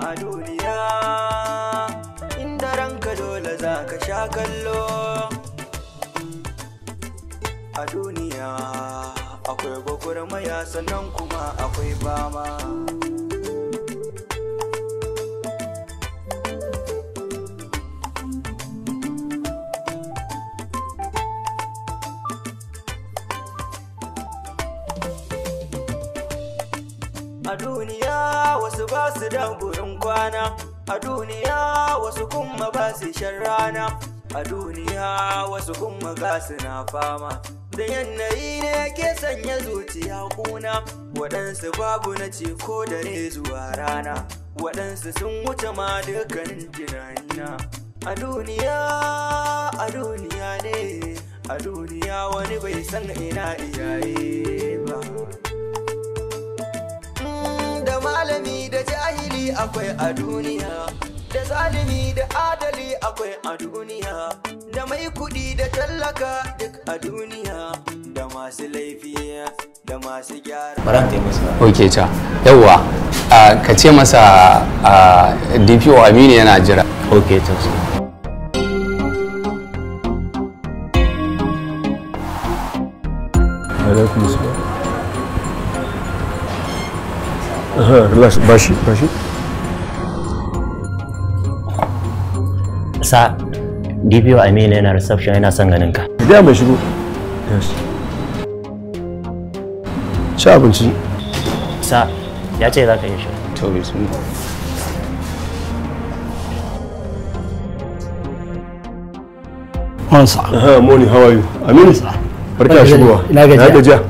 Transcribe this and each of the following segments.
a duniya inda ranka dole za ka sha kallo a duniya akwai gwagwarmaya sannan kuma akwai bama. a duniya wasu ba su da kwana a duniya wasu kuma ba su shan rana a duniya wasu kuma ga su na fama da yanayi ne ke sanya zuciya kuna waɗansu babu na ce ko dare zuwa rana waɗansu sun wuce ma dukkanin tunanina a duniya a duniya ne a duniya wani bai san ina iyaye malami da jahili akwai a duniya da zalimi da adali akwai a duniya da mai kudi da tallaka duk a duniya da masu laifi da masu gyara ok ta yawwa ka ce masa dpo aminu yana jira ok ta alaikum salam bashi bashi sa DPO Aminu yana reception yana son ganin ka. Idan mai shigo. Yes. Ci abinci. Sa ya ce za ka yi shi. To bismillah. Monsa. Moni, how are you? Aminu. Barka shigowa. Ina gajiya.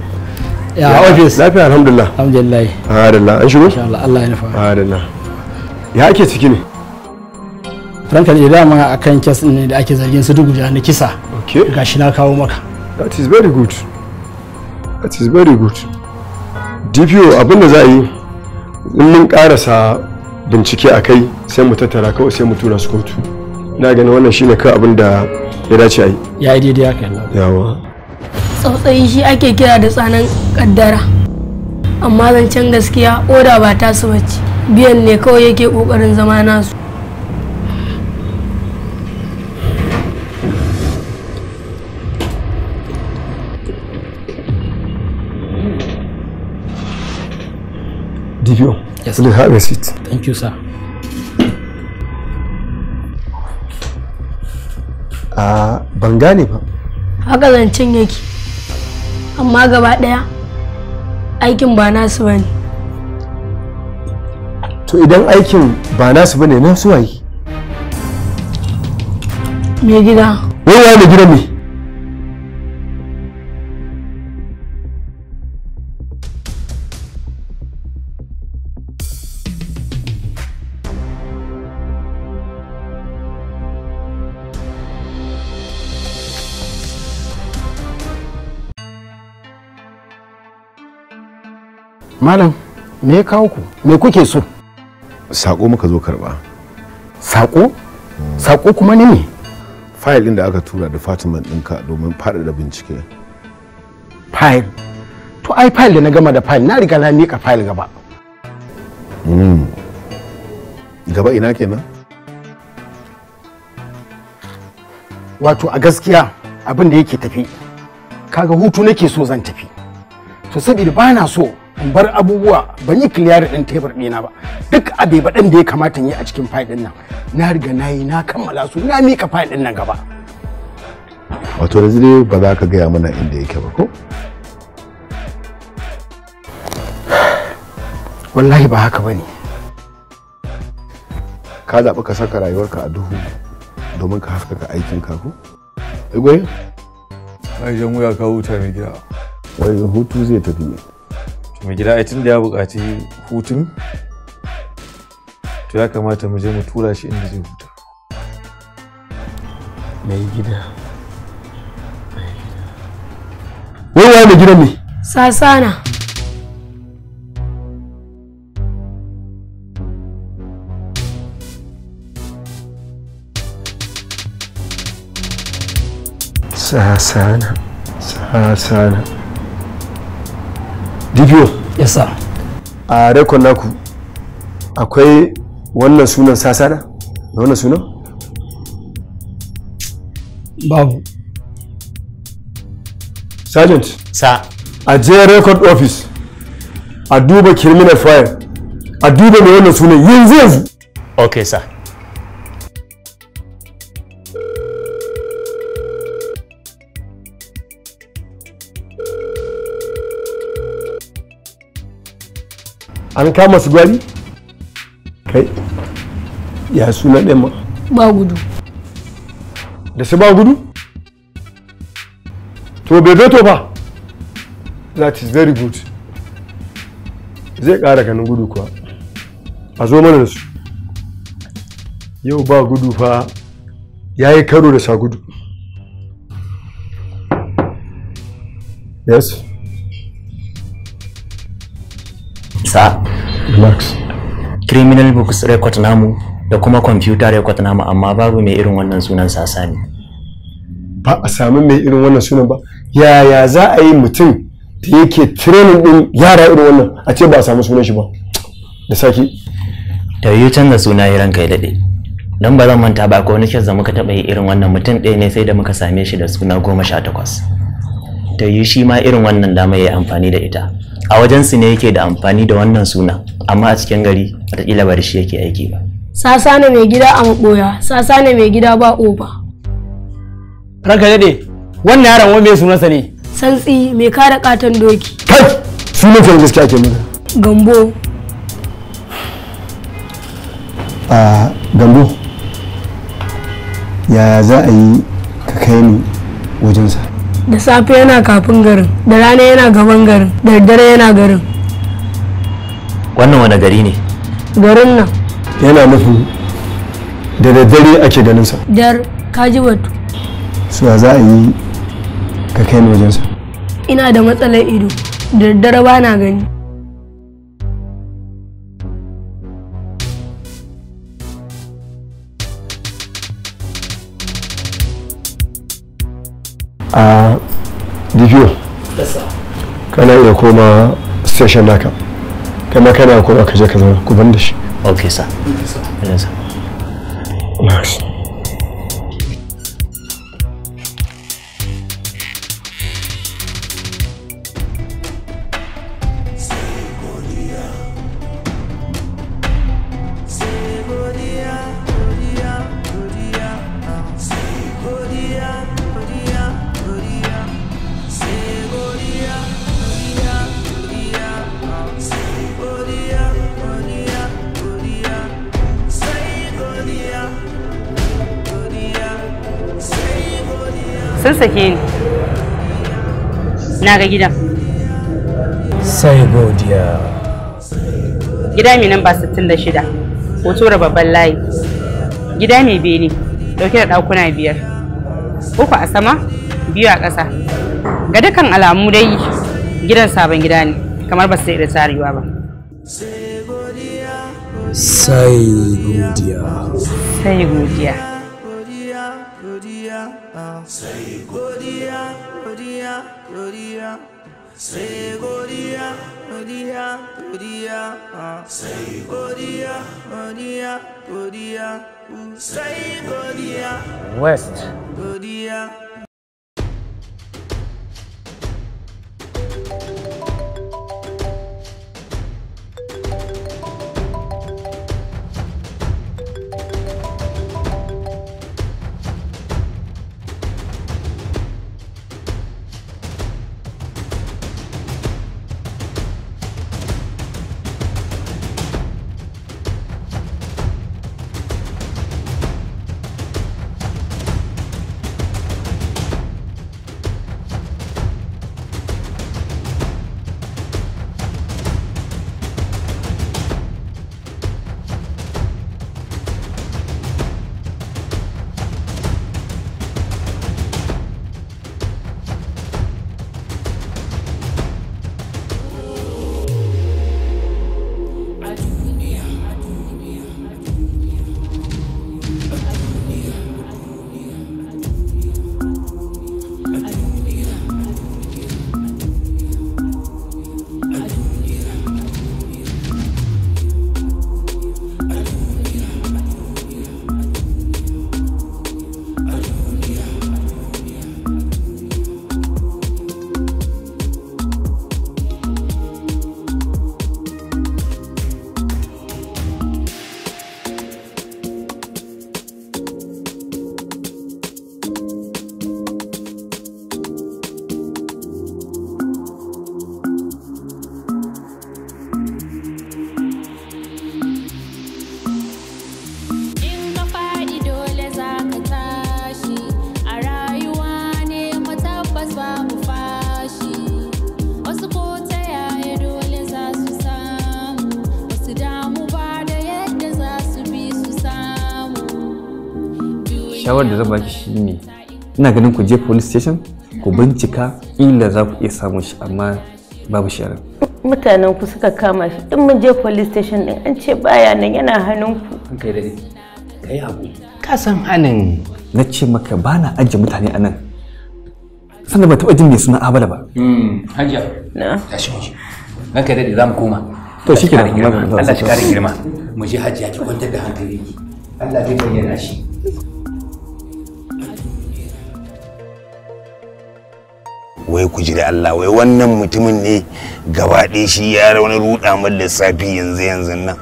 ya ofis lafiya alhamdulillah alhamdulillah alhamdulillah an shigo insha Allah Allah ya nufa alhamdulillah ya ake ciki ne frankly dama akan kes ne da ake zargin su duk na kisa okay gashi na kawo maka that is very good that is very good DPO abinda za a yi in mun karasa bincike a kai sai mu tattara kawai sai mu tura su kotu na gani wannan shine kawai abinda ya dace a yi ya yi daidai haka yawa tsautsayi shi ake kira da tsanan kaddara amma zancen gaskiya oda ba ta su bacci biyan ne kawai yake kokarin zama nasu yes. please have a seat. Thank you, sir. Ah, ban gane ba. Haka zancen yake. amma gaba ɗaya aikin ba nasu ba ne to idan aikin ba nasu ba ne na suwayi mai gida wai wai mai gida me malam me ya kawo ku me kuke so sako muka zo karba sako hmm. sako kuma ne ne fayil din da aka tura da fatima ɗinka domin faɗaɗa bincike fayil to ai fayil da na gama da fayil na riga na mika fayil gaba hmm. gaba ina kenan wato a gaskiya abin da yake tafi kaga hutu nake so zan tafi to saboda ba na so in bar abubuwa ban yi clearing din tebur ɗina ba duk abeba ɗin da ya kamata yi a cikin file ɗin nan na riga na yi na kammala su na mika file ɗin nan gaba wato da dai ba za ka gaya mana inda yake ba ko wallahi ba haka bane ka zaɓi ka saka rayuwarka a duhu domin ka haskaka aikin ka ko igwe ai jan wuya kawo ta mai gida wai hutu zai tafi ne mai gida a tun da ya buƙaci hutun to ya kamata mu je mu tura shi inda zai huta mai gida wani wani mai gidan ne sasana sasana sasana DPO. Yes sir. A rekon naku akwai wannan sunan sasana da wannan sunan? Babu. Sergeant. Sir. A je record office a duba criminal file a duba mai wannan sunan yanzu yanzu. Okay sir. an kama su gwari kai ya suna ɗin ma ba gudu da su ba gudu to bai ba that is very good zai ƙara ganin gudu kuwa a zo mana da su yau ba gudu fa ya yi karo da sa gudu yes sa relax criminal books record namu da kuma computer record namu amma babu mai irin wannan sunan sasani ba a samu mai irin wannan sunan ba yaya za a yi mutum da yake training din yara irin wannan a ce ba a samu sunan shi ba da saki da yi canza suna yi ranka ya daɗe don ba zan manta ba ko wani shazza muka taɓa yi irin wannan mutum ɗaya ne sai da muka same shi da suna goma sha takwas ta yi shi ma irin wannan dama ya yi amfani da ita a wajensu ne yake da amfani da wannan suna amma a cikin gari watakila bari shi yake aiki ba sasa ne mai gida a maɓoya sasa ne mai gida ba oba ranka daɗe wannan yaron wani mai sunansa ne santsi mai kare katon doki kai sunan fa gaskiya ke mu gambo a gambo yaya za a yi ka kai ni wajensa da safe yana kafin garin da rana yana gaban garin da dare yana garin wannan wani gari ne garin nan yana nufin da daddare ake ganinsa dar kaji batu suna za a yi ka kai ni wajensa ina da matsalar ido da daddare ba na gani Ah. Uh... ya koma station naka kama kana koma ka je ka zama ku ban da shi okay sir okay sir sun sake ni na ga gidan sai godiya gida mai namba 66 hoto da babban layi gida mai bene dauke da ɗakuna biyar uku a sama biyu a ƙasa ga dukkan alamu dai gidan sabon gida ne kamar ba su da tarewa ba sai godiya sai godiya Say Godia, Godia, Godia. Say Godia, Godia, Godia. Say Godia, Godia, Godia. Say Godia. West. Godia. shawar da zan baki ne. ina ganin ku je police station ku bincika illa za ku iya samun shi amma babu shi nan mutanen ku suka kama shi din mun je police station din an ce baya nan yana hannun ku kai dai kai abu ka san hanin na ce maka ba na ajiye mutane a nan sannan ba taɓa jin mai suna abala ba hmm, hajiya tashi mu kai dai za mu koma to shikenan Allah shi kare girma mu je hajiya ki kwantar da hankali Allah zai bayyana shi wai ku jira Allah wai wannan mutumin ne gabaɗe shi ya wani ruɗa min lissafi yanzu yanzu nan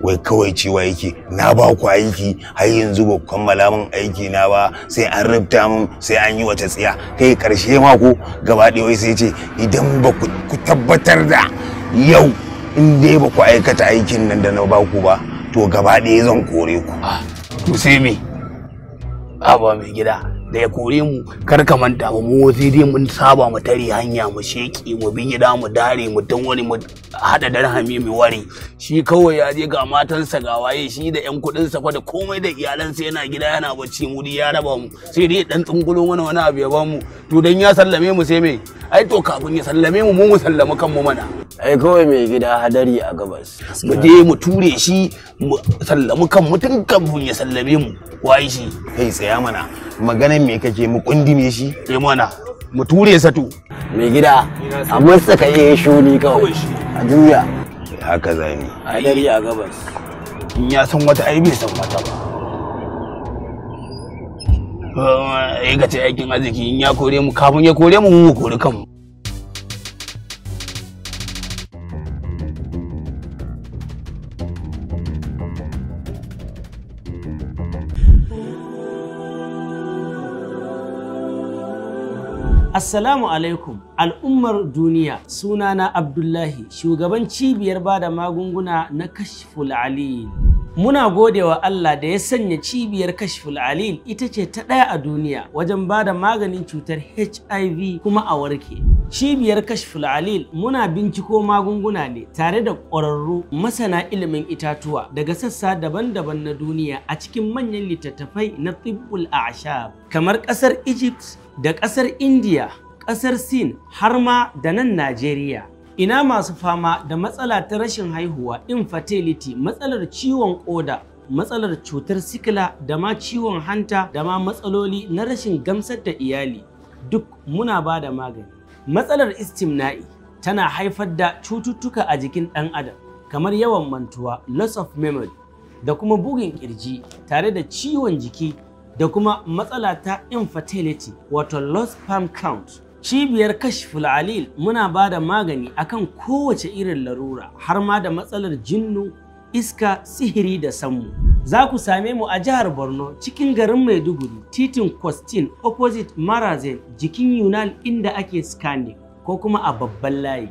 wai kawai cewa yake na ba ku aiki har yanzu ba kammala min aiki na ba sai an rubta min sai an yi wata tsiya kai karshe ma ko gabaɗe wai sai ce idan ba ku tabbatar da yau in dai ba ku aikata aikin nan da na ba ku ba to gabaɗe zan kore ku ah, to sai me Abba ah, mai gida da ya kore mu kar ka manta mu mu sai dai mun saba mu tare hanya mu sheki mu bi gida mu dare mu dan wani mu hada darhami mu ware shi kawai ya je ga matansa ga waye shi da yan kudin sa fa da komai da iyalansa yana gida yana bacci mu ya raba mu sai dai dan tsungulo wani wani abu ya ba mu to dan ya sallame mu sai me ai to kafin ya sallame mu mu mu sallama kanmu mana ai kawai mai gida hadari a gabas mu je mu ture shi mu sallami kan mutum kafin ya sallame mu waye shi kai tsaya mana magana bayan me kake mu kundume shi sai eh, mana mu ture satu mai gida a masa ka yi shuni kawai a juya haka zami a dare a gabas in ya san wata ai bai san wata ba ya eh, gace aikin arziki in ya kore mu kafin ya kore mu mu kore kanmu Assalamu alaikum al'ummar duniya sunana Abdullahi shugaban cibiyar bada magunguna na kashful alil. Muna gode wa Allah da ya sanya cibiyar kashful alil ita ce ta ɗaya a duniya wajen ba da maganin cutar HIV kuma a warke. Cibiyar Kashful Alil muna binciko magunguna ne tare da ƙwararru masana ilimin itatuwa daga sassa daban-daban na duniya a cikin manyan littattafai na tibbul ashab kamar ƙasar Egypt da ƙasar India, ƙasar Sin har ma da nan Najeriya. Ina masu fama da matsala ta rashin haihuwa infertility matsalar ciwon ƙoda matsalar cutar sikila da ma ciwon hanta da ma matsaloli na rashin gamsar da iyali duk muna ba da magani matsalar istimna'i tana haifar da cututtuka a jikin ɗan adam kamar yawan mantuwa loss of memory da kuma bugun kirji tare da ciwon jiki da kuma matsala ta infertility wato loss sperm count cibiyar kashful alil muna ba da magani akan kowace irin larura har ma da matsalar jinnu iska sihiri da sammu. Za ku same mu a jihar Borno cikin garin Maiduguri titin Kwastin opposite Marazen jikin Yunal inda ake scanning ko kuma a babban layi.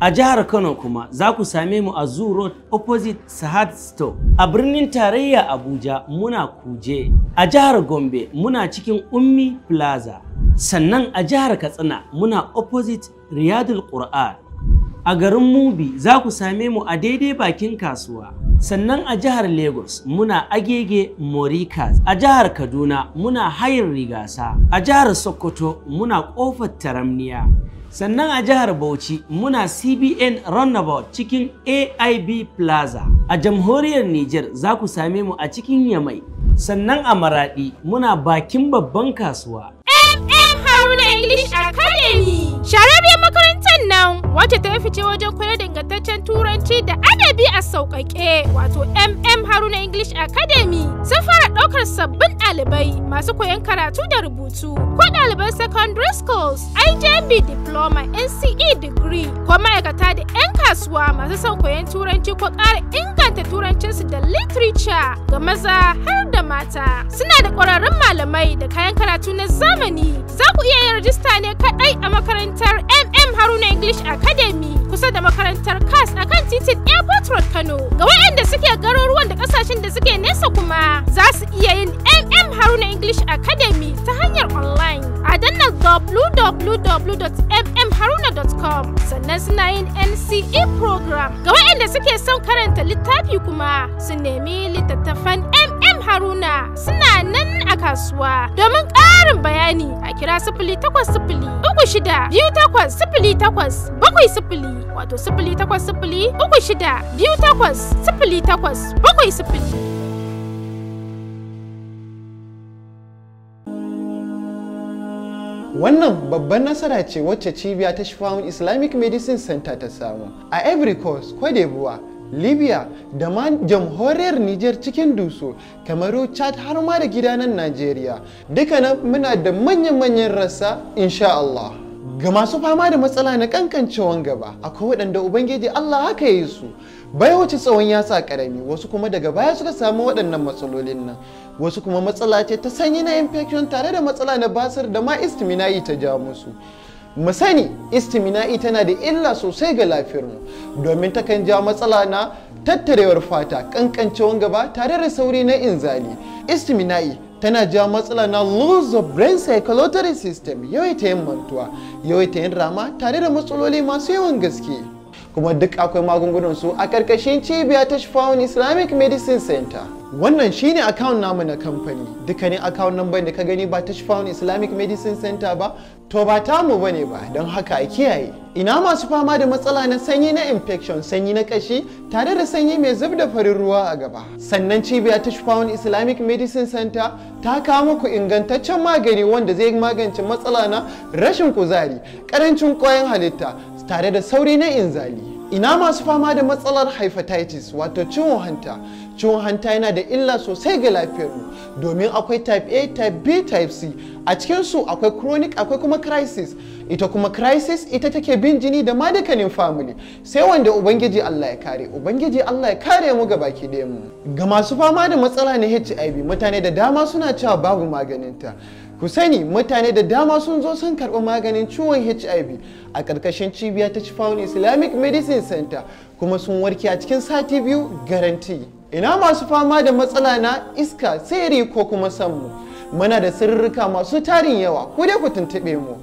A jihar Kano kuma za ku same mu a Zoo Road opposite Sahad Store. A birnin tarayya Abuja muna Kuje. A jihar Gombe muna cikin Ummi Plaza. Sannan a jihar Katsina muna opposite Riyadul Qur'an. a garin Mubi za ku same mu a daidai bakin kasuwa. Sannan a jihar Lagos muna Agege Morikas, a jihar Kaduna muna Hayin Rigasa, a jihar Sokoto muna Ƙofar Taramniya. Sannan a jihar Bauchi muna CBN Runabout cikin AIB Plaza. A jamhuriyar Nijar za ku same mu a cikin Yamai. Sannan a Maraɗi muna bakin babban kasuwa. Haruna English Academy. Sharabiyar makarantar nan wacce ta fice wajen koyar da ingantaccen turanci da adabi a sauƙaƙe wato MM Haruna English Academy sun fara ɗaukar sabbin ɗalibai masu koyon karatu da rubutu ko ɗaliban secondary schools IJB diploma NCE degree ko ma'aikata da 'yan kasuwa masu son koyon turanci ko ƙara inganta turancinsu da literature ga maza har da mata. Suna da ƙwararrun malamai da kayan karatu na zamani za ku iya iya yin rajista ne kaɗai a makarantar MM Haruna English Academy kusa da makarantar CAS a kan titin Airport Road Kano. Ga waɗanda suke garuruwan da ƙasashen da suke nesa kuma za su iya yin MM Haruna English Academy ta hanyar online. A danna www.mmharuna.com sannan suna yin NCE program. Ga waɗanda suke son karanta littafi kuma su nemi littattafan MM Haruna suna nan a kasuwa. Domin ƙarin bayani a kira sifili takwas sifili uku shida biyu takwas sifili takwas bakwai sifili wato sifili takwas sifili uku shida biyu takwas sifili takwas bakwai sifili. Wannan babban nasara ce wacce cibiya ta Shifawun Islamic Medicine Center ta samu a Every Coast, Kwadebuwa. libya da ma jamhuriyar nijar cikin duso kamaru chad har ma da gidanan najeriya Duka nan muna da manyan-manyan rassa insha Allah ga masu fama da matsala na kankancewan gaba akwai waɗanda ubangiji Allah haka yi su bai wuce tsawon yasa karami wasu kuma daga baya suka samu waɗannan matsalolin nan wasu kuma matsala ce ta sanyi na infection tare da matsala na basir da ma istimina ta ja musu mu sani istimina'i tana da illa sosai ga lafiyarmu domin takan ja matsala na tattarewar fata kankancewan gaba tare da sauri na inzali istimina'i tana ja matsala na lose of brain circulatory system yawaita yin mantuwa yawaita yin rama tare da matsaloli masu yawan gaske kuma duk akwai magungunan su a karkashin cibiya ta Islamic Medicine Center. Wannan shine account namu na kamfani. Duka ne account number da ka gani ba ta Shifawun Islamic Medicine Center ba, to ba tamu bane ba, don haka a kiyaye. Ina masu fama da matsala na sanyi na infection, sanyi na kashi, tare da sanyi mai zub da farin ruwa a gaba. Sannan cibiya ta Islamic Medicine Center ta kawo muku ingantaccen magani wanda zai magance matsala na rashin kuzari, karancin ƙwayan halitta, tare da sauri na inzali ina masu fama da matsalar hepatitis wato ciwon hanta ciwon hanta yana da illa sosai ga lafiyarmu domin akwai type a type b type c a cikinsu akwai chronic akwai kuma crisis ita kuma crisis ita take bin jini da madakanin family sai wanda ubangiji allah ya kare ubangiji allah ya kare mu ga baki ɗayan mu ga masu fama da matsala na hiv mutane da dama suna cewa babu maganinta ku sani mutane da dama sun zo sun karɓi maganin ciwon hiv a ƙarƙashin cibiya ta Chifawun islamic medicine center kuma sun warke a cikin sati biyu garanti ina masu fama da matsala na iska tsere ko kuma sanmu muna da sirrika masu tarin yawa ku dai ku tuntuɓe mu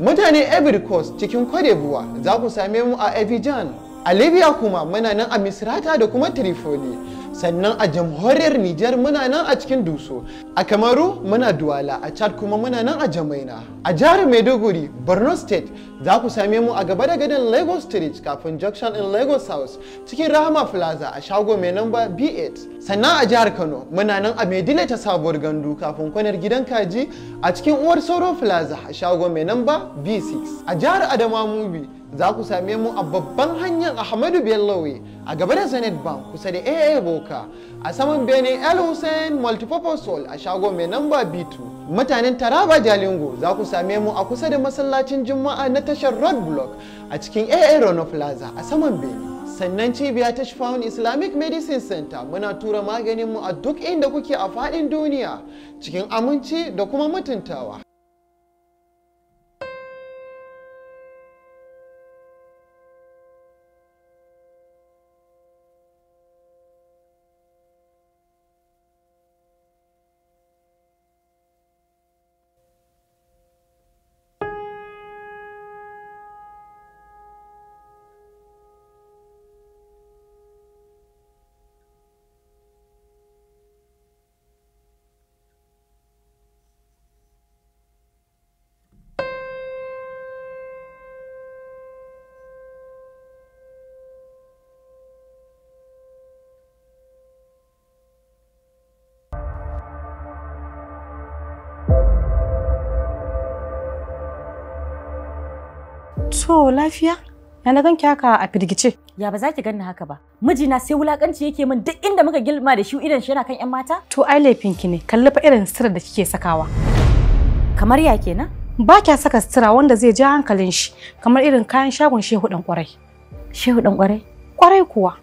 mutane Ivory Coast cikin Cote za ku same mu a Abidjan a libya kuma muna nan a misrata da kuma trifoli sannan a jamhuriyar nijar muna nan a cikin duso a kamaru muna duwala a chad kuma muna nan a jamaina a jihar maiduguri borno state za ku same mu a gaba da gadon lagos street kafin junction in lagos house cikin rahama plaza a shago mai namba b8 sannan a jihar kano muna nan a maidina ta sabuwar gandu kafin kwanar gidan kaji a cikin uwar sauro plaza a shago mai namba b6 a jihar adamawa mubi za ku same mu a babban hanyar Ahmadu Bellowe a gaba da Zenith Bank kusa da AA Boka a saman Bene El Hussein Multipurpose a shago mai namba B2. Mutanen Taraba Jalingo za ku same mu a kusa da masallacin Juma'a na tashar Road Block a cikin AA Rono Plaza a saman Bene. Sannan cibiya ta Shifawun Islamic Medicine Center muna tura maganinmu a duk inda kuke a faɗin duniya cikin aminci da kuma mutuntawa. To lafiya? Ya na ganki haka a firgice. Ya ba za ki ganni haka ba. Mijina sai wulakanci yake min duk inda muka gilma da shi idan shi yana kan 'yan mata? To ai laifin ki ne. Kalli fa irin sirrin da kike sakawa. Kamar ya kenan? Ba kya saka sutura wanda zai ja hankalin shi, kamar irin kayan shagon shehu dan kwarai. Shehu dan kwarai? Kwarai kuwa.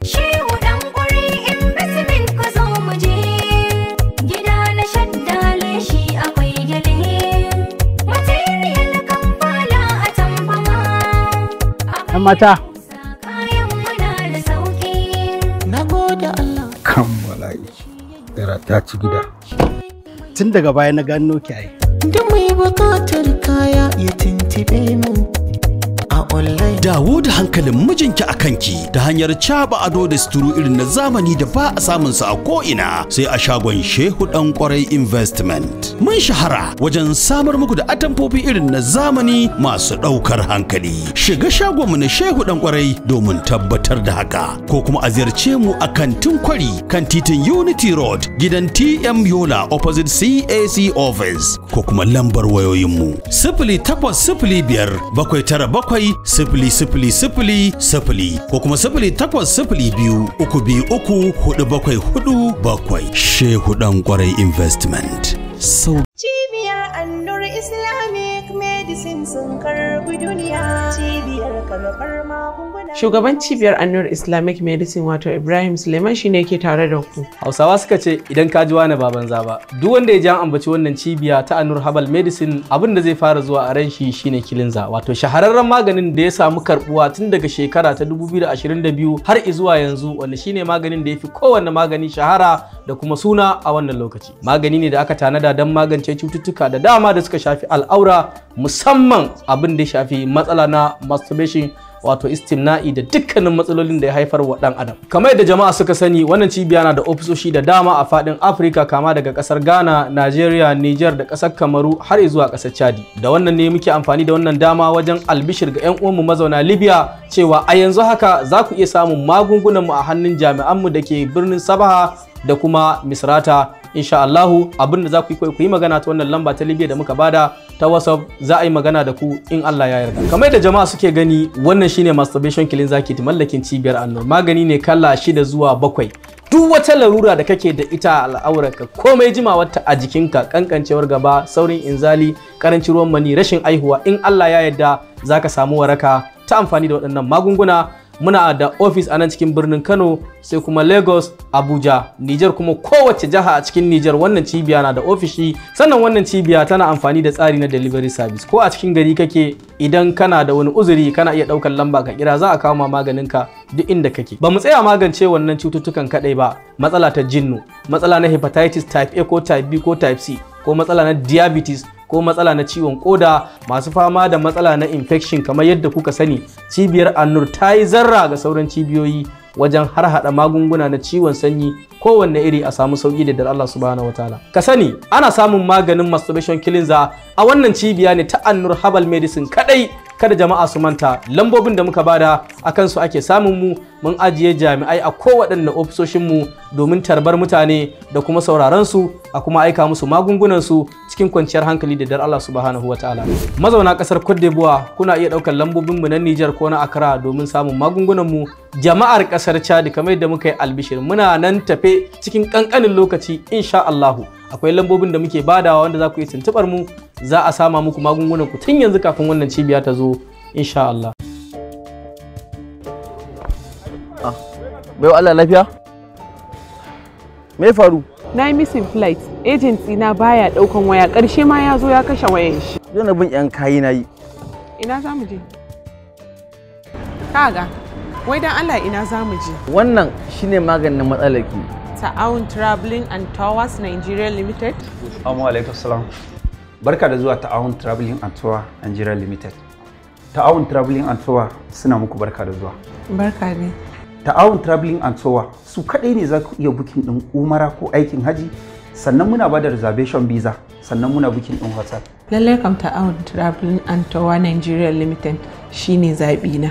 'yan mata kan bala'i tsira ta ci gida tun daga baya na gano ki ai da mai bukatar kaya ya tuntube mu makullai dawo da hankalin mijinki a kanki ta hanyar caba ado da suturu irin na zamani da ba a samun sa a ko ina sai a shagon Shehu Dan Kwarai Investment mun shahara wajen samar muku da atamfofi irin na zamani masu ɗaukar hankali shiga shagon mu na Shehu Dan Kwarai domin tabbatar da haka ko kuma a ziyarce mu a kantin kwari kan titin Unity Road gidan TM Yola opposite CAC office ko kuma lambar wayoyinmu sifili takwas sifili biyar bakwai tara bakwai sifili sifili sifili sifili ko kuma sifili takwas sifili biyu uku biyu uku hudu bakwai hudu bakwai shehu dan kwarai investment. Cibiyar Annur Islamic Shugaban cibiyar Annur Islamic Medicine wato Ibrahim Suleiman shine ne ke tare da ku. Hausawa suka ce idan ka ji wani baban zaba. Duk wanda ya ji an ambaci wannan cibiya ta Annur Herbal Medicine abin da zai fara zuwa a ran shi shine kilinza wato shahararren maganin da ya samu karbuwa tun daga shekara ta 2022 har izuwa yanzu wanda shine maganin da ya fi kowanne magani shahara da kuma suna a wannan lokaci. Magani ne da aka tanada don magance cututtuka da dama da suka shafi al'aura musamman musamman abin da ya shafi matsala na masturbation wato istimna'i da dukkanin matsalolin da ya haifar wa dan adam kamar yadda jama'a suka sani wannan cibiya na da ofisoshi da dama a fadin afirka kama daga kasar ghana nigeria niger da kasar kamaru har zuwa kasar chadi da wannan ne muke amfani da wannan dama wajen albishir ga 'yan uwanmu mazauna libya cewa a yanzu haka za ku iya samun magungunanmu a hannun jami'anmu da ke birnin sabaha da kuma misrata insha Allahu abin da za ku yi ku yi magana ta wannan lamba ta Libya da muka bada ta WhatsApp za a yi magana da ku in Allah ya yarda kamar da jama'a suke gani wannan shine masturbation zaki. ta mallakin cibiyar annor magani ne kala shida zuwa bakwai duk wata larura da kake da ita a al'aurarka komai ta a jikinka kankancewar gaba saurin inzali karancin ruwan mani rashin aihuwa in Allah ya yarda zaka samu waraka ta amfani da waɗannan magunguna muna da ofis a nan cikin birnin kano sai kuma lagos abuja Niger, kuma kowace jiha a cikin Niger. wannan cibiya na da ofishi sannan wannan cibiya tana amfani da tsari na delivery service ko a cikin gari kake idan kana da wani uzuri kana iya ɗaukar lamba ka kira za a kawo maganin maganinka duk inda kake ba mu tsaya magance wannan cututtukan kadai ba matsala ta jinnu matsala na hepatitis type a ko type b ko type c ko matsala na diabetes ko matsala na ciwon koda masu fama da matsala na infection kamar yadda kuka sani cibiyar annur ta yi zarra ga sauran cibiyoyi wajen har hada magunguna na ciwon sanyi kowanne iri a samu sauki da dar Allah subhanahu wataala ka sani ana samun maganin masturbation cleanser a wannan cibiya ne ta annur herbal medicine kadai kada jama'a su manta lambobin da muka bada a kansu ake samun mu mun ajiye jami'ai a kowaɗanne ofisoshin mu domin tarbar mutane da kuma sauraron su a kuma aika musu magungunan su cikin kwanciyar hankali da dar Allah subhanahu wataala mazauna kasar Cote d'Ivoire kuna iya ɗaukar lambobin mu na Niger ko na Accra domin samun magungunan mu jama'ar kasar Chad kamar yadda muka yi albishir muna nan tafe cikin kankanin lokaci insha Allahu akwai lambobin da muke badawa wanda za ku yi tuntubar mu za a sama muku magungunan ku tun yanzu kafin wannan cibiya ta zo insha Allah ah, bai Allah lafiya me faru na yi missing flight agency na baya daukan waya karshe ma ya zo ya kashe wayan shi yana bin yan kayi na yi ina za mu je kaga wai dan Allah ina za mu je wannan shine maganin matsalar ki ta'awun traveling and towers nigeria limited assalamu alaikum salam Barka da zuwa Ta'awun Traveling and Tour Nigeria Limited. Ta'awun Traveling and Tour suna muku barka da zuwa. Barka ne. Ta'awun Traveling and Tour su kaɗai ne za ku iya bukin ɗin umara ko aikin haji sannan muna ba da reservation visa sannan muna bukin ɗin hotel. Lallai kam Ta'awun Traveling and Tour Nigeria Limited shine zaɓi na.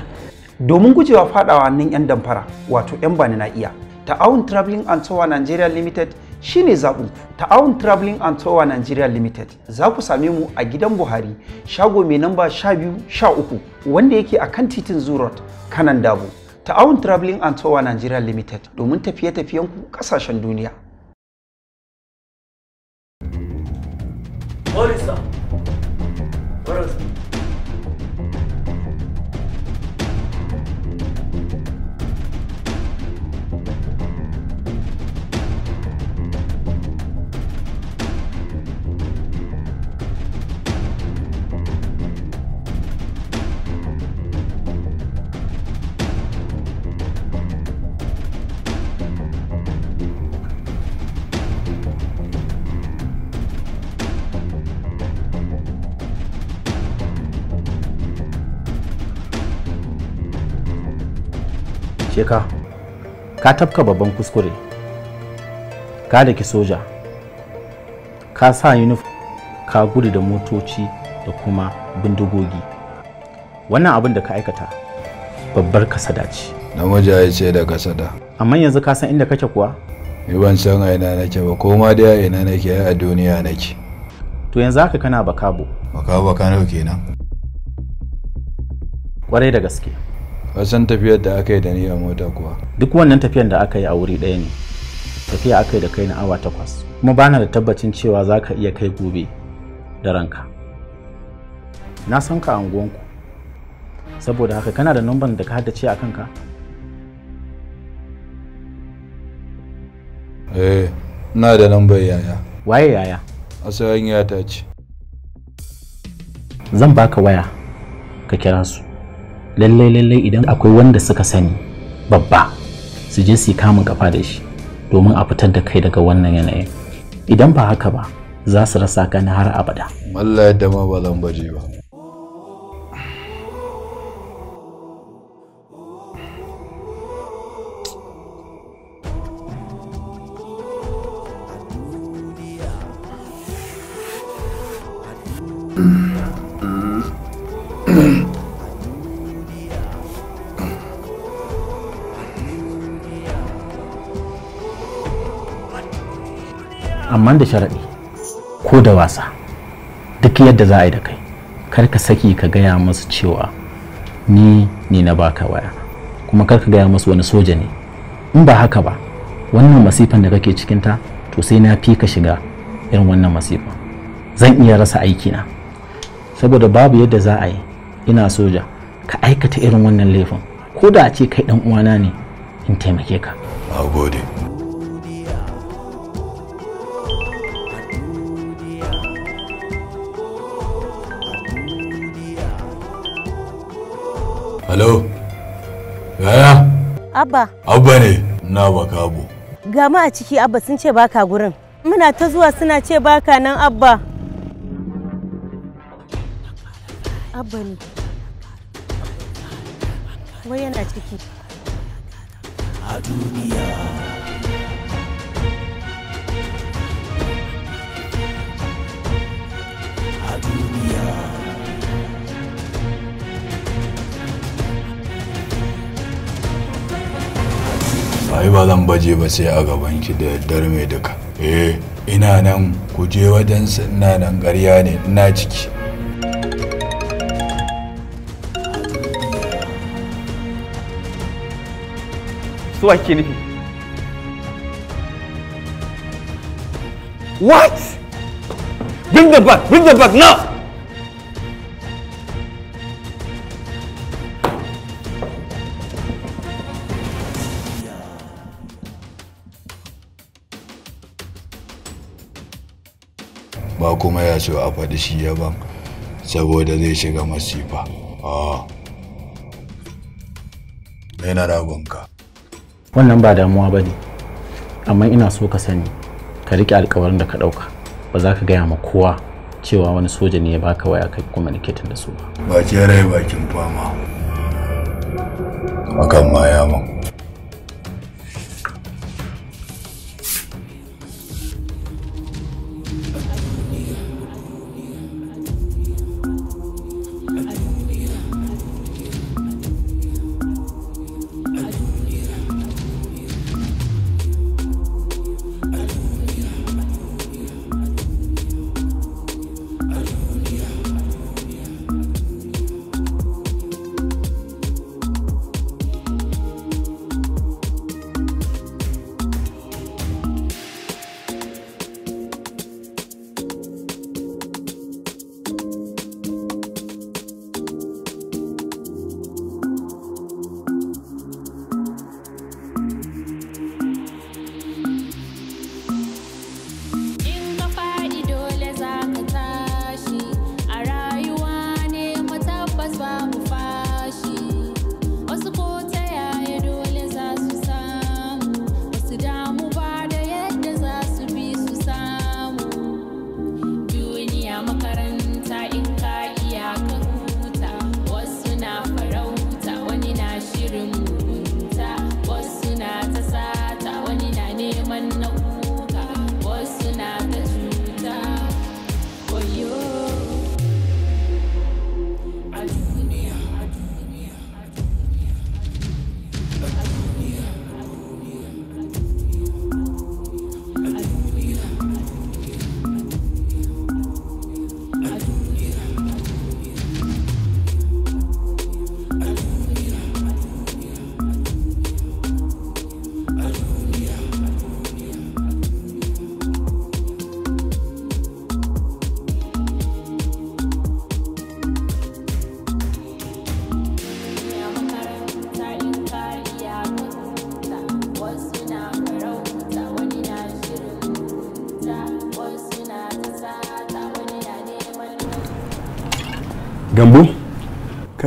Domin gujewa faɗawa nan 'yan damfara wato 'yan bani na iya. Ta'awun Traveling and Tour Nigeria Limited Shi ne zaɓi, ta'awun traveling and tour nigeria limited za ku same mu a gidan buhari shago mai namba sha uku wanda yake a kan titin zurot kanan dabo ta'awun traveling and tour nigeria limited domin tafiye-tafiyenku ƙasashen duniya ka tafka babban kuskure ka da ki soja ka sa uniform ka gudu da motoci da kuma bindigogi wannan abin da ka aikata babbar kasada ce namiji ya ce da kasada amma yanzu ka san inda kake kuwa ni ban san a ina nake ba ko ma dai a ina nake a duniya nake to yanzu haka kana bakabo bakabo kana kenan kwarai da gaske ba san tafiyar da aka yi da ni a mota kuwa duk wannan tafiyar da aka yi a wuri ɗaya ne tafiya aka yi da kai na awa takwas kuma bana da tabbacin cewa za ka iya kai gobe da ranka na san ka anguwanku saboda haka kana da numban da ka haddace a kanka eh na da lambar yaya waye yaya Asarar yata ce zan baka waya ka kira su lallai lallai idan akwai wanda suka sani babba su je su kamun kafa da shi domin a fitar da kai daga wannan yanayin idan ba haka ba za su rasa ka har abada Allah yadda ma ba zan baje ba amma da sharaɗi ko da wasa duk yadda za a yi da kai kar ka saki ka gaya musu cewa ni ne na baka waya kuma kar ka gaya musu wani soja ne in ba haka ba wannan masifan da kake cikin ta, to sai na fi ka shiga irin wannan masifa zan iya rasa aiki na saboda babu yadda za a yi ina soja ka aikata irin wannan laifin ko da a ce kai dan uwana ne in taimake ka. Na gode. Hello? Yaya? Abba. Abba ne, na baka abu. Ga mu a ciki Abba sun ce baka gurin. Muna ta zuwa suna ce baka nan Abba. Abba ne. Wai yana ciki. A duniya. ai ba zan baje ba sai a gaban ki da daddare mai duka eh ina nan ku je wajen ina nan ƙarya ne ina ciki su ake nufi what bring the bag bring the bag now faɗi shi ya ban saboda zai shiga masifa A yana ragonka wannan ba damuwa ba ne amma ina so ka sani ka riƙe alkawarin da ka ɗauka ba za ka gaya ma kowa cewa wani soja ne ya baka waya kai kuma da su ba. ce rai bakin fama. Hakan ma ya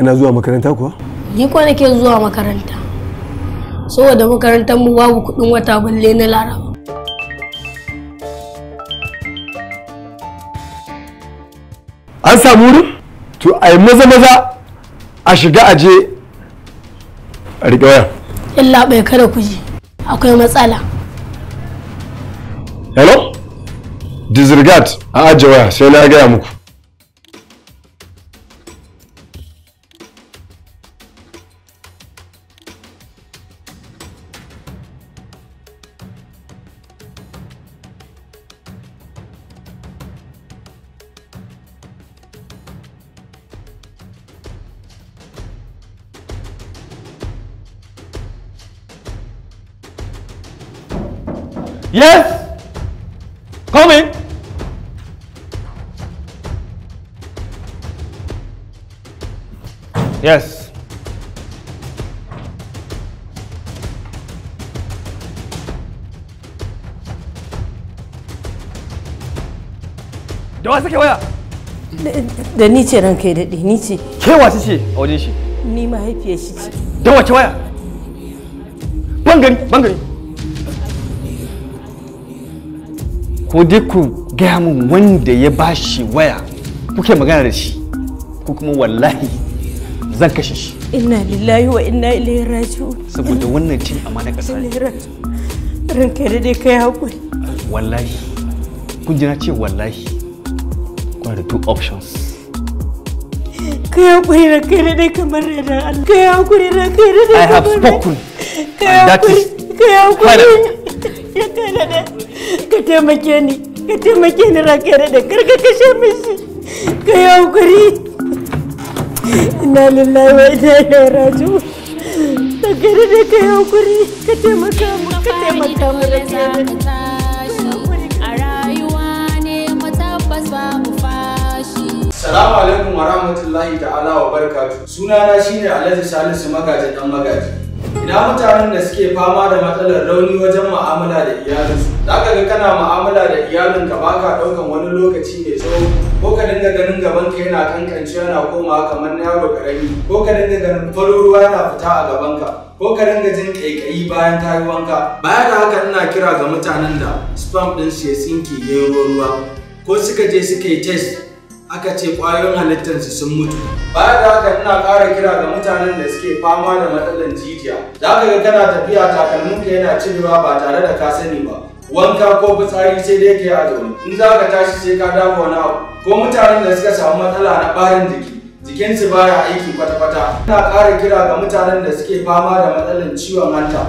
kina zuwa makaranta kuwa? Ni kuwa nake zuwa makaranta. Saboda makarantar mu babu kuɗin wata balle na Laraba. An samu wurin? To ai maza maza a shiga aje a riƙe waya. Illa bai kada ku ji. Akwai matsala. Hello? Disregard a aje waya sai na gaya muku. Yes. Da wasu ke waya? Da ni ce ranka ya daɗe, ni ce. kewa wasu ce a wajen shi? Ni mahaifiyar shi ce. Da wace waya? Bangari, bangari. Ko dai ku gaya min wanda ya bashi waya kuke magana da shi, ko kuma wallahi zan kashe shi inna lillahi wa inna ilaihi raji'un saboda wannan cin amana kasa ne ranka da dai kai hakuri wallahi kun jira ce wallahi kuna da two options kai hakuri kai da dai kamar da Allah kai hakuri kai da dai I have spoken and that is kai hakuri Ya kai da dai ka taimake ni ka taimake ni ranka da dai Karka kashe mishi kai hakuri ina lillahi wa ina ilaihi raji'un da gari da kai hakuri ka taimaka mu ka taimaka mu da kai Salamu alaikum wa rahmatullahi ta'ala wa barakatu. Sunana shine Alhaji Salisu Magaji dan Magaji. Ina mutanen da suke fama da matsalar rauni wajen ma'amala da iyalinsu. Za ka ga kana ma'amala da iyalinka ba ka ɗaukan wani lokaci mai tsawo ko ka dinga ganin gabanka yana kankance yana komawa kamar na yaro ƙarami ko ka dinga ganin farin ruwa yana fita a gabanka. ko ka dinga jin ƙaiƙayi bayan ta yi wanka. Baya da haka ina kira ga mutanen da spam ɗin su ya tsinke gero ruwa ko suka je suka yi test aka ce ƙwayoyin su sun mutu. Baya da haka ina ƙara kira ga mutanen da suke fama da matsalar jijiya. Za ka ga kana tafiya takalminka yana cirewa ba tare da ka sani ba. Wanka ko fitsari sai dai ka yi a zaune. In za ka tashi sai ka dafa wani abu. Ko mutanen da suka samu matsala na ɓarin jiki. Jikinsu baya aiki kwata-kwata. Ina ƙara kira ga mutanen da suke fama da matsalar ciwon hanta,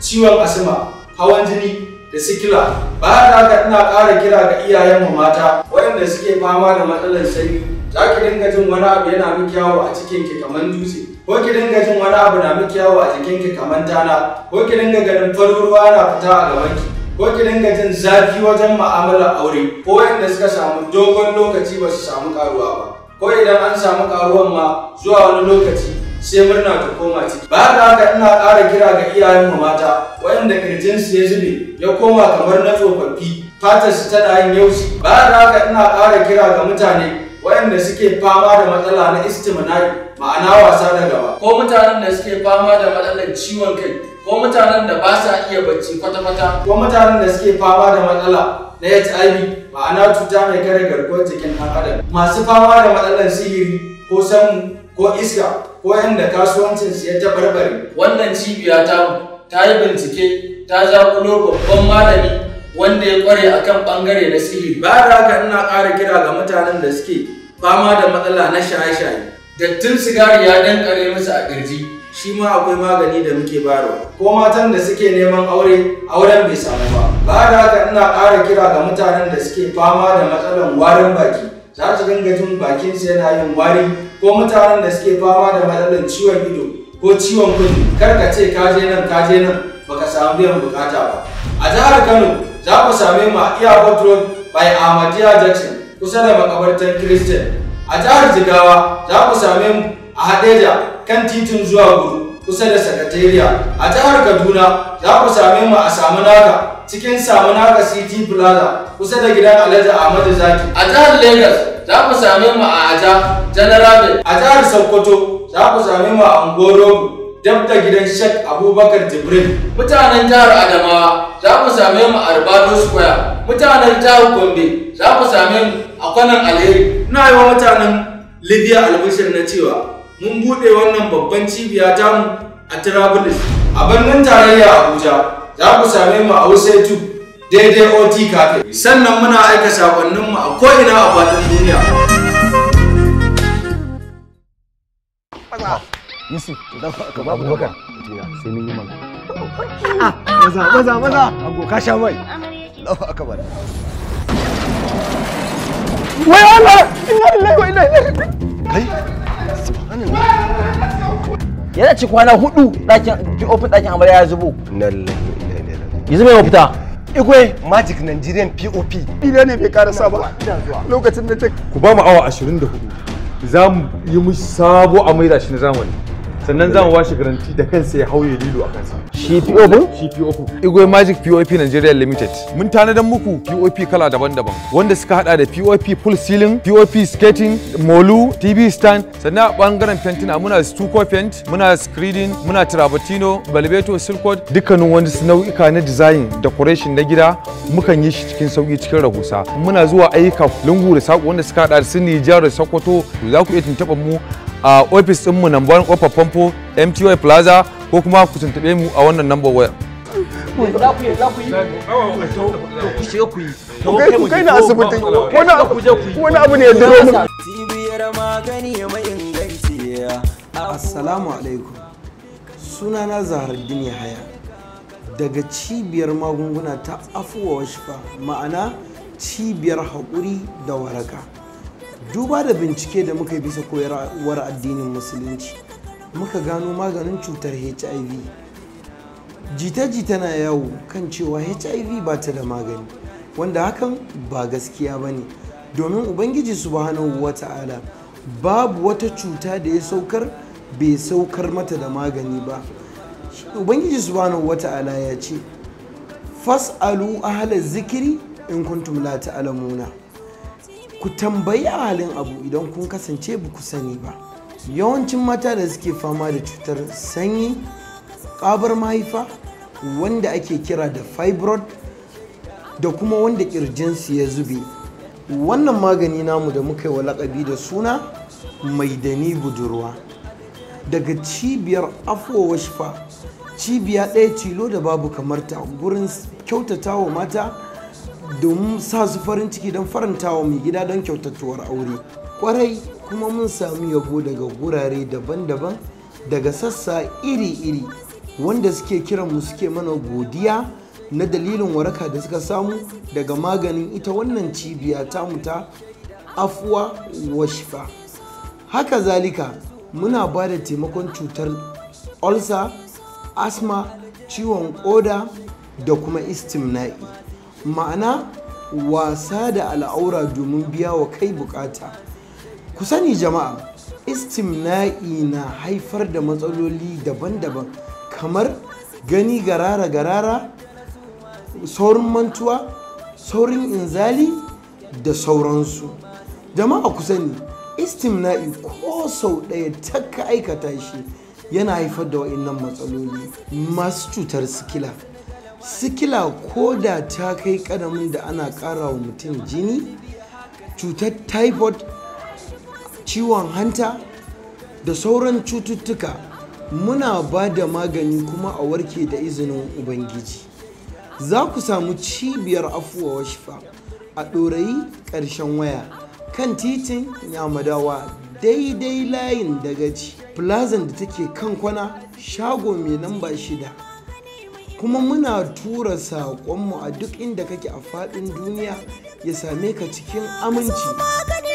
ciwon asma, hawan jini, da sikila bayan da haka ina ƙara kira ga iyayenmu mata waɗanda suke fama da matsalar sanyi za ki dinga jin wani abu yana miki yawo a cikin ki kamar dutse ko ki dinga jin wani abu na miki yawo a jikin ki kamar tana ko ki dinga ganin farin ruwa na fita a gaban ki ko ki dinga jin zafi wajen mu'amalar aure ko waɗanda suka samu dogon lokaci ba su samu karuwa ba ko idan an samu karuwan ma zuwa wani lokaci sai murna ta koma ciki ba da haka ina ƙara kira ga iyayen mu mata waɗanda su ya zube ya koma kamar na tsofaffi ta tana yin yaushi ba da haka ina ƙara kira ga mutane waɗanda suke fama da matsala na istimnai ma'ana wasa da gaba ko mutanen da suke fama da matsalar ciwon kai ko mutanen da ba sa iya bacci kwata-kwata ko mutanen da suke fama da matsala na HIV ma'ana cuta mai kare garkuwar jikin ɗan adam masu fama da matsalar sihiri ko samu ko iska kasuwancin su ya tabarbare. Wannan cibiya ta ta yi bincike ta zakulo babban malami wanda ya kware kan bangare na sihiri. Ba da haka ina ƙara kira ga mutanen da suke fama da matsala na shaye-shaye. Dattin sigari ya dankare musu a ƙirji. Shi ma akwai magani da muke bayarwa. Ko matan da suke neman aure, auren bai samu ba. Ba da haka ina ƙara kira ga mutanen da suke fama da matsalan warin baki. Za su dinga jin bakinsu yana yin wari ko mutanen da suke fama da matsalar ciwon ido ko ciwon kudi kar ka ce ka je nan ka je nan baka samu biyan bukata ba a jihar Kano za ku same mu a iya patrol by Ahmadiyya Jackson kusa da makabartar Christian a jihar Jigawa za ku same mu a Hadeja kan titin zuwa Guru kusa da Sakatariya a jihar Kaduna za ku same mu a Samunaka cikin Samunaka City Plaza kusa da gidan Alhaji Ahmadu Zaki a jihar Lagos za ku same mu a Aja General a jihar Sokoto za ku same mu a Angorogu dab da gidan Sheikh Abubakar Jibril. Mutanen jihar Adamawa za ku same mu a Ribado Square. Mutanen jihar Gombe za ku same mu a kwanan Alheri. Ina yi wa mutanen Libya albishir na cewa mun buɗe wannan babban cibiya tamu a tirabulis A birnin tarayya Abuja za ku same mu a Wuse daidai ot kafe sannan muna aika sakonninmu a ko'ina a fatan duniya Yusuf, ka babu baka. Sai mun yi mana. Ah, maza, maza, maza. Ango, ka sha mai. Allahu akbar. Wai Allah, inna lillahi wa inna ilaihi Kai, Yana ci kwana hudu ɗakin ofin ɗakin amarya ya zubo. Inna lillahi wa Yanzu mai mafita. Igwe Magic Nigerian POP. Ile ne bai karasa ba. Lokacin da ta ku ba mu awa 24. Za mu yi mu sabo a maida shi na zamani. sannan zan washe garanti da kansa ya hauye lilo a kansa shi POP shi POP Igwe Magic POP Nigeria Limited mun tanadan muku POP kala daban-daban wanda suka hada da POP full ceiling POP skating molu TV stand sannan a bangaren fentina muna stucco muna screening muna travertino balbeto silkwood dukkanin wani nau'ika na design decoration na gida mukan yi shi cikin sauki cikin rahusa muna zuwa ayyuka lungu da sako wanda suka hada da su Nijar da Sokoto za ku iya tuntuɓar mu a ofis ɗinmu na ban kofar famfo mty plaza ko kuma ku tuntube mu a wannan number waya wani abu ne Assalamu alaikum sunana Zahardin Yahaya daga cibiyar magunguna ta afuwa shifa ma'ana cibiyar haƙuri da waraka. duba da bincike da muka yi bisa koyarwar addinin musulunci muka gano maganin cutar hiv jita-jita na yawo kan cewa hiv ba ta da magani wanda hakan ba gaskiya ba ne domin ubangiji subhanahu ta'ala babu wata cuta da ya saukar bai saukar mata da magani ba ubangiji subhanahu ta'ala ya ce fas'alu ahalar zikiri in kuntum la alamuna. ku tambayi halin abu idan kun kasance ba ku sani ba yawancin mata da suke fama da cutar sanyi ƙabar mahaifa wanda ake kira da fibroid da kuma wanda ƙirjinsu ya zube wannan magani namu da muka yi wa lakabi da suna maidani budurwa daga cibiyar afuwa shifa cibiya ɗaya tilo da babu kamarta gurin kyautata wa mata domin sa su farin ciki don farantawa mai gida don kyautattuwar aure kwarai kuma mun sami yabo daga gurare daban-daban daga sassa iri-iri wanda suke kiran mu suke mana godiya na dalilin waraka da suka samu daga maganin ita wannan cibiya ta ta afuwa washifa haka zalika muna ba da taimakon cutar ulcer, asma ciwon koda da kuma istimna'i ma'ana wasa da al'aura domin biya wa kai bukata ku sani jama'a istimna'i na haifar da matsaloli daban-daban kamar gani garara-garara saurin mantuwa saurin inzali da sauransu jama'a ku sani istimna'i ko sau ɗaya takka aikata shi yana haifar da wa'innan matsaloli masu cutar sikila sikila ko da ta kai kadamin da ana ƙara wa mutum jini cutar typhoid ciwon hanta da sauran cututtuka muna ba da magani kuma a warke da izinin ubangiji za ku samu cibiyar afuwa washifa a ɗorayi ƙarshen waya kan titin yamadawa daidai layin dagaci plazan da take kan kwana shago mai lamba shida kuma muna tura saƙonmu a duk inda kake a faɗin duniya ya same ka cikin aminci.